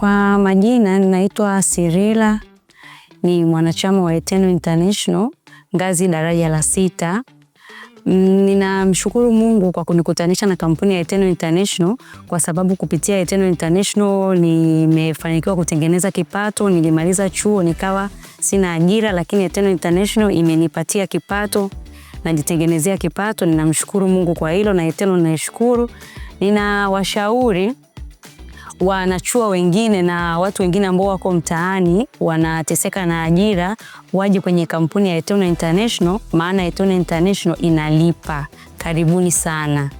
Kwa majina ninaitwa Sirila, ni mwanachama wa Eternal International ngazi daraja la sita. Ninamshukuru Mungu kwa kunikutanisha na kampuni ya Eternal International kwa sababu kupitia Eternal International nimefanikiwa kutengeneza kipato. Nilimaliza chuo nikawa sina ajira, lakini Eternal International imenipatia kipato, najitengenezea kipato. Ninamshukuru Mungu kwa hilo na Eternal naishukuru. Ninawashauri wanachuo wengine na watu wengine ambao wako mtaani wanateseka na ajira waje kwenye kampuni ya Etona International, maana Etona International inalipa. Karibuni sana.